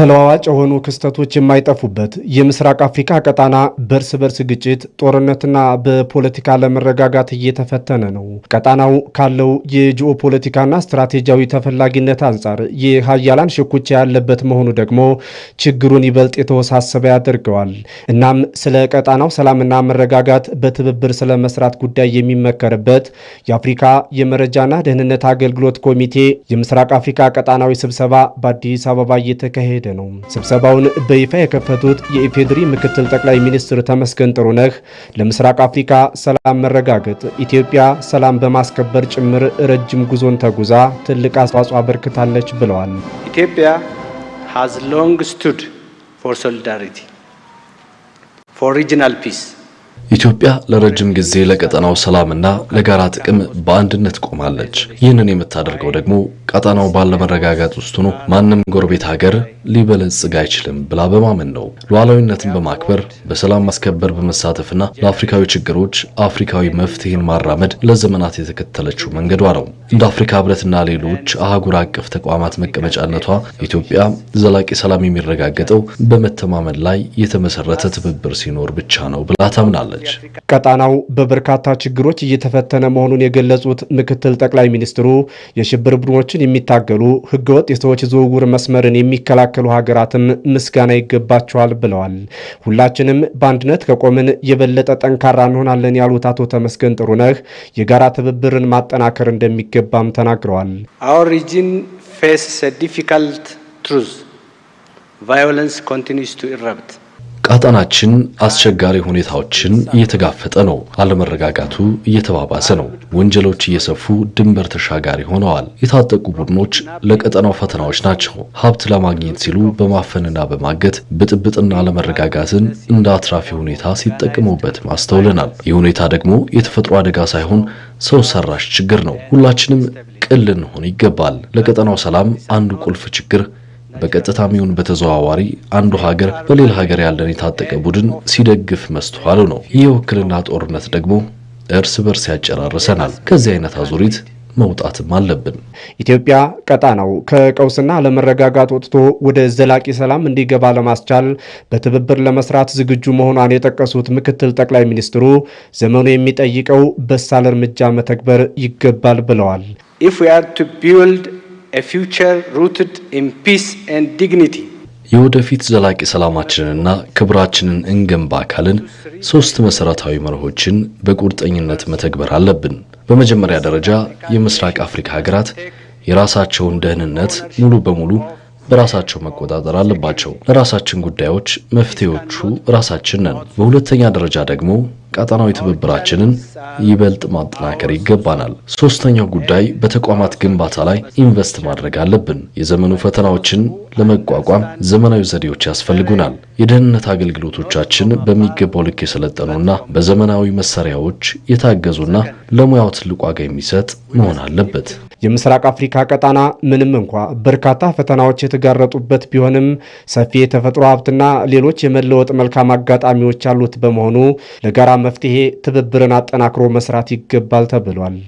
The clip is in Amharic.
ተለዋዋጭ የሆኑ ክስተቶች የማይጠፉበት የምስራቅ አፍሪካ ቀጣና በእርስ በርስ ግጭት ጦርነትና በፖለቲካ ለመረጋጋት እየተፈተነ ነው። ቀጣናው ካለው የጂኦ ፖለቲካና ስትራቴጂያዊ ተፈላጊነት አንጻር የሀያላን ሽኩቻ ያለበት መሆኑ ደግሞ ችግሩን ይበልጥ የተወሳሰበ ያደርገዋል። እናም ስለ ቀጣናው ሰላምና መረጋጋት በትብብር ስለ መስራት ጉዳይ የሚመከርበት የአፍሪካ የመረጃና ደህንነት አገልግሎት ኮሚቴ የምስራቅ አፍሪካ ቀጣናዊ ስብሰባ በአዲስ አበባ እየተካሄደ ነው። ስብሰባውን በይፋ የከፈቱት የኢፌዴሪ ምክትል ጠቅላይ ሚኒስትር ተመስገን ጥሩነህ ለምስራቅ አፍሪካ ሰላም መረጋገጥ ኢትዮጵያ ሰላም በማስከበር ጭምር ረጅም ጉዞን ተጉዛ ትልቅ አስተዋጽኦ አበርክታለች ብለዋል። ኢትዮጵያ ሃዝ ሎንግ ስቱድ ፎር ሶሊዳሪቲ ፎር ሪጂናል ፒስ ኢትዮጵያ ለረጅም ጊዜ ለቀጠናው ሰላምና ለጋራ ጥቅም በአንድነት ቆማለች። ይህንን የምታደርገው ደግሞ ቀጠናው ባለመረጋጋት ውስጥ ሆኖ ማንም ጎረቤት ሀገር ሊበለጽግ አይችልም ብላ በማመን ነው። ሉዓላዊነትን በማክበር በሰላም ማስከበር በመሳተፍና ለአፍሪካዊ ችግሮች አፍሪካዊ መፍትሄን ማራመድ ለዘመናት የተከተለችው መንገዷ ነው። እንደ አፍሪካ ህብረትና ሌሎች አህጉር አቀፍ ተቋማት መቀመጫነቷ ኢትዮጵያ ዘላቂ ሰላም የሚረጋገጠው በመተማመን ላይ የተመሰረተ ትብብር ሲኖር ብቻ ነው ብላ ታምናለች። ትችላለች። ቀጣናው በበርካታ ችግሮች እየተፈተነ መሆኑን የገለጹት ምክትል ጠቅላይ ሚኒስትሩ የሽብር ቡድኖችን የሚታገሉ ህገወጥ የሰዎች ዝውውር መስመርን የሚከላከሉ ሀገራትም ምስጋና ይገባቸዋል ብለዋል። ሁላችንም በአንድነት ከቆምን የበለጠ ጠንካራ እንሆናለን ያሉት አቶ ተመስገን ጥሩነህ የጋራ ትብብርን ማጠናከር እንደሚገባም ተናግረዋል። አወር ሪጅን ፌስስ ዲፊካልት ትሩዝ ቫዮለንስ ቱ ቀጠናችን አስቸጋሪ ሁኔታዎችን እየተጋፈጠ ነው። አለመረጋጋቱ እየተባባሰ ነው። ወንጀሎች እየሰፉ ድንበር ተሻጋሪ ሆነዋል። የታጠቁ ቡድኖች ለቀጠናው ፈተናዎች ናቸው። ሀብት ለማግኘት ሲሉ በማፈንና በማገት ብጥብጥና አለመረጋጋትን እንደ አትራፊ ሁኔታ ሲጠቀሙበት ማስተውለናል። ይህ ሁኔታ ደግሞ የተፈጥሮ አደጋ ሳይሆን ሰው ሰራሽ ችግር ነው። ሁላችንም ቅን ልንሆን ይገባል። ለቀጠናው ሰላም አንዱ ቁልፍ ችግር በቀጥታም ይሁን በተዘዋዋሪ አንዱ ሀገር በሌላ ሀገር ያለን የታጠቀ ቡድን ሲደግፍ መስተዋሉ ነው። ይህ የውክልና ጦርነት ደግሞ እርስ በርስ ያጨራርሰናል። ከዚህ አይነት አዙሪት መውጣትም አለብን። ኢትዮጵያ ቀጣናው ከቀውስና ለመረጋጋት ወጥቶ ወደ ዘላቂ ሰላም እንዲገባ ለማስቻል በትብብር ለመስራት ዝግጁ መሆኗን የጠቀሱት ምክትል ጠቅላይ ሚኒስትሩ ዘመኑ የሚጠይቀው በሳል እርምጃ መተግበር ይገባል ብለዋል። የወደፊት ዘላቂ ሰላማችንንና ክብራችንን እንገንባ ካልን ሶስት መሰረታዊ መርሆችን በቁርጠኝነት መተግበር አለብን። በመጀመሪያ ደረጃ የምስራቅ አፍሪካ ሀገራት የራሳቸውን ደህንነት ሙሉ በሙሉ በራሳቸው መቆጣጠር አለባቸው። ለራሳችን ጉዳዮች መፍትሄዎቹ ራሳችን ነን። በሁለተኛ ደረጃ ደግሞ ቀጠናዊ ትብብራችንን ይበልጥ ማጠናከር ይገባናል። ሶስተኛው ጉዳይ በተቋማት ግንባታ ላይ ኢንቨስት ማድረግ አለብን። የዘመኑ ፈተናዎችን ለመቋቋም ዘመናዊ ዘዴዎች ያስፈልጉናል። የደህንነት አገልግሎቶቻችን በሚገባው ልክ የሰለጠኑና በዘመናዊ መሳሪያዎች የታገዙና ለሙያው ትልቅ ዋጋ የሚሰጥ መሆን አለበት። የምስራቅ አፍሪካ ቀጣና ምንም እንኳ በርካታ ፈተናዎች የተጋረጡበት ቢሆንም ሰፊ የተፈጥሮ ሀብትና ሌሎች የመለወጥ መልካም አጋጣሚዎች ያሉት በመሆኑ ለጋራ መፍትሄ ትብብርን አጠናክሮ መስራት ይገባል ተብሏል።